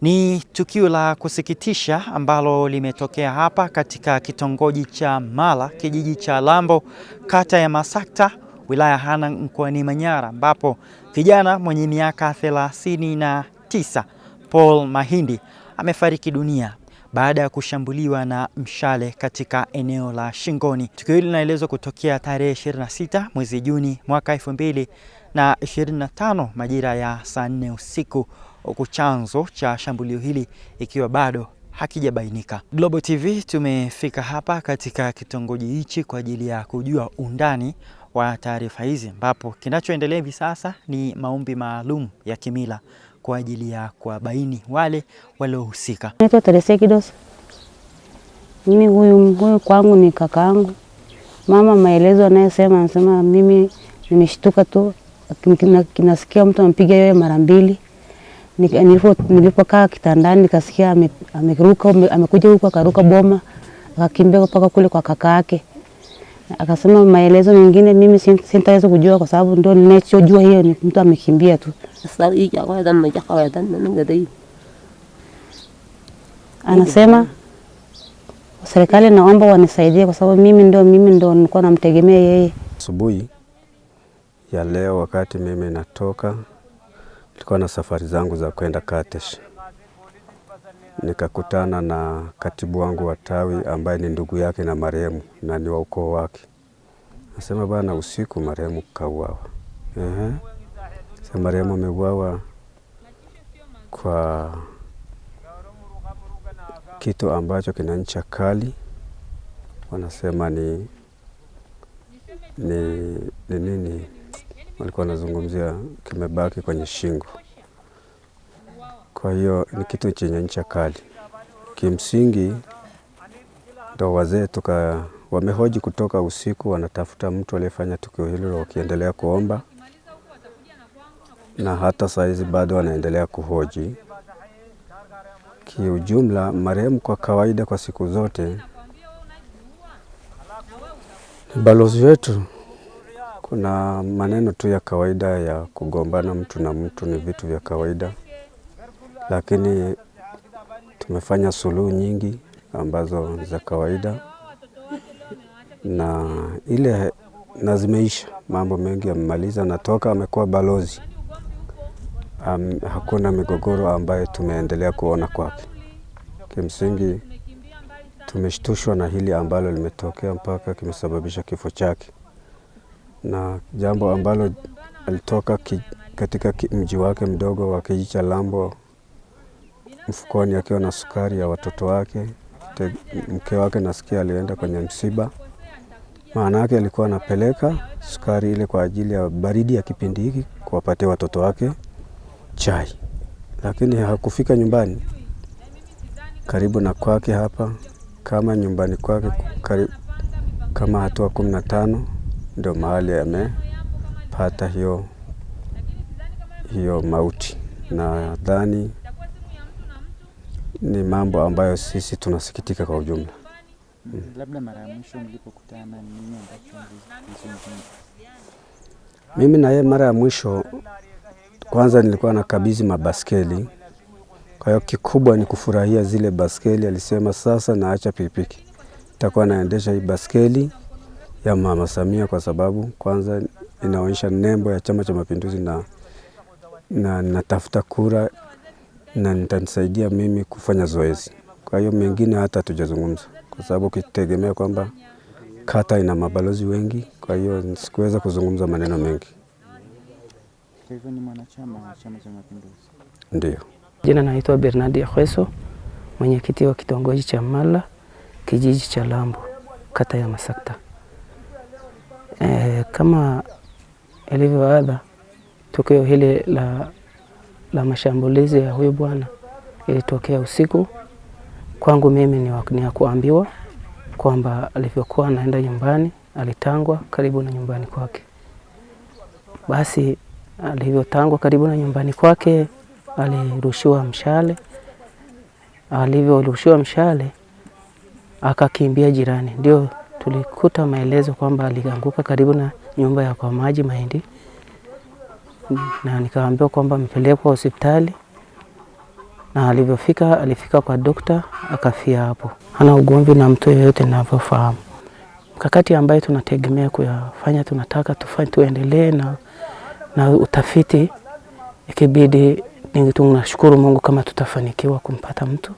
Ni tukio la kusikitisha ambalo limetokea hapa katika kitongoji cha Mala, kijiji cha Lambo, kata ya Masakta, wilaya Hanang, mkoani Manyara, ambapo kijana mwenye miaka 39 Paul Mahindi amefariki dunia baada ya kushambuliwa na mshale katika eneo la shingoni. Tukio hili linaelezwa kutokea tarehe 26 mwezi Juni mwaka 2025 majira ya saa 4 usiku huku chanzo cha shambulio hili ikiwa bado hakijabainika. Global TV tumefika hapa katika kitongoji hichi kwa ajili ya kujua undani wa taarifa hizi, ambapo kinachoendelea hivi sasa ni maombi maalum ya kimila kwa ajili ya kuwabaini wale waliohusika. Naitwa Teresa Kidos. Mimi huyu huyu kwangu ni kakaangu. Mama maelezo anayesema anasema mimi nimeshtuka tu, nasikia mtu ampiga yeye mara mbili Nilipokaa kitandani nikasikia ameruka, amekuja huku akaruka boma, akakimbia mpaka kule kwa kaka yake. Akasema maelezo mengine mimi sintaweza kujua kwa sababu ndio ninachojua, hiyo ni mtu amekimbia tu. Anasema serikali, naomba wanisaidie kwa sababu mimi ndio mimi ndio nilikuwa namtegemea yeye. Asubuhi ya leo wakati mimi natoka Nilikuwa na safari zangu za kwenda Katesh, nikakutana na katibu wangu wa tawi ambaye ni ndugu yake na marehemu na ni wa ukoo wake. Nasema bana, usiku marehemu kauawa. Ehe, sasa marehemu ameuawa kwa kitu ambacho kina ncha kali, wanasema ni ni nini walikuwa wanazungumzia kimebaki kwenye shingo. Kwa hiyo ni kitu chenye ncha kali kimsingi, ndo wazee tuka wamehoji kutoka usiku, wanatafuta mtu aliyefanya tukio hilo, wakiendelea kuomba na hata sahizi bado wanaendelea kuhoji. Kiujumla, marehemu kwa kawaida, kwa siku zote balozi wetu. Kuna maneno tu ya kawaida ya kugombana mtu na mtu, ni vitu vya kawaida, lakini tumefanya suluhu nyingi ambazo za kawaida na ile na zimeisha. Mambo mengi yamemaliza, na toka amekuwa balozi um, hakuna migogoro ambayo tumeendelea kuona kwake. Kimsingi tumeshtushwa na hili ambalo limetokea mpaka kimesababisha kifo chake na jambo ambalo alitoka ki, katika ki, mji wake mdogo wa kijiji cha Lambo mfukoni akiwa na sukari ya watoto wake. Te, mke wake nasikia alienda kwenye msiba. Maana yake alikuwa anapeleka sukari ile kwa ajili ya baridi ya kipindi hiki kuwapatia watoto wake chai, lakini hakufika nyumbani karibu na kwake hapa kama nyumbani kwake kama hatua kumi na tano ndio mahali amepata hiyo, hiyo mauti. Nadhani ni mambo ambayo sisi tunasikitika kwa ujumla. Labda mara ya mwisho mlipokutana nini ambacho Mimi na yeye mara ya mwisho kwanza nilikuwa na kabizi mabaskeli, kwa hiyo kikubwa ni kufurahia zile baskeli. Alisema sasa naacha pikipiki, nitakuwa naendesha hii baskeli ya Mama Samia kwa sababu kwanza inaonyesha nembo ya Chama cha Mapinduzi na, na natafuta kura na nitanisaidia mimi kufanya zoezi. Kwa hiyo mengine hata hatujazungumza, kwa sababu ukitegemea kwamba kata ina mabalozi wengi, kwa hiyo sikuweza kuzungumza maneno mengi. Kwa hivyo ni mwanachama wa Chama cha Mapinduzi. Ndio. Jina naitwa Bernardi Akhweso, mwenyekiti wa kitongoji cha Mala, kijiji cha Lambo, kata ya Masakta. Eh, kama ilivyo tukio hili la, la mashambulizi ya huyu bwana ilitokea usiku. Kwangu mimi ni, ni ya kuambiwa kwamba alivyokuwa anaenda nyumbani alitangwa karibu na nyumbani kwake. Basi alivyotangwa karibu na nyumbani kwake alirushiwa mshale. Alivyorushiwa mshale akakimbia jirani, ndio tulikuta maelezo kwamba alianguka karibu na nyumba ya kwa maji Mahindi, na nikaambiwa kwamba amepelekwa hospitali, na alivyofika alifika kwa dokta akafia hapo. Hana ugomvi na mtu yeyote ninavyofahamu. Mkakati ambayo tunategemea kuyafanya, tunataka tufanye, tuendelee na, na utafiti ikibidi. Tunashukuru Mungu kama tutafanikiwa kumpata mtu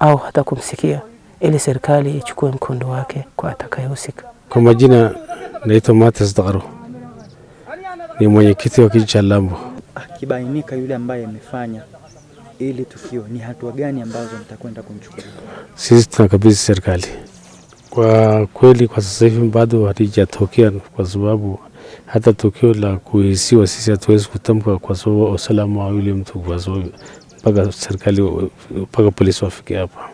au hata kumsikia ili serikali ichukue mkondo wake kwa atakayehusika. Kwa majina naitwa Mates Dagaro, ni mwenyekiti wa kijiji cha Lambo. Akibainika yule ambaye amefanya ili tukio, ni hatua gani ambazo mtakwenda kumchukua? Sisi tunakabidhi serikali. Kwa kweli, kwa sasa hivi bado hatijatokea, kwa sababu hata tukio la kuhisiwa sisi hatuwezi kutamka kwa sababu usalama wa yule mtu, kwa sababu mpaka serikali mpaka polisi wafike hapa.